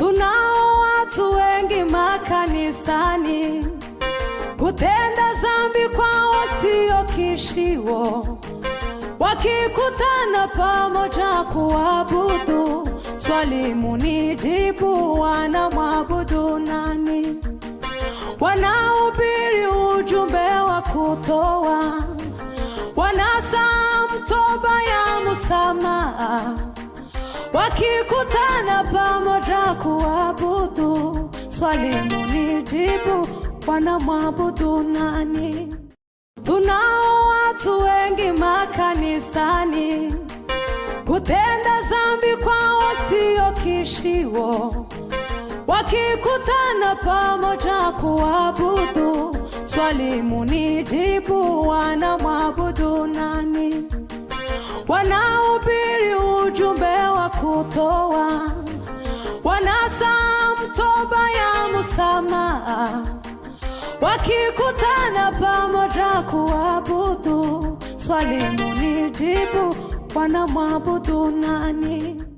Tunao watu wengi makanisani kutenda zambi kwa kishiwo wakikutana pamoja kuabudu. Swali munijibu, wanamwabudu nani? wanaubiri ujumbe wa kutoa, wanasaa mtoba ya msamaha, wakikutana pamoja kuabudu, swali munijibu, Bwana mwabudu nani? Tunao watu wengi makanisani, kutenda zambi kwao sio kishiwo, wakikutana pamoja kuabudu, swali munijibu, wana mwabudu nani? wanaubiri ujumbe wa kutoa tamaa, wakikutana pamoja kuabudu, swali munijibu, mwabudu nani?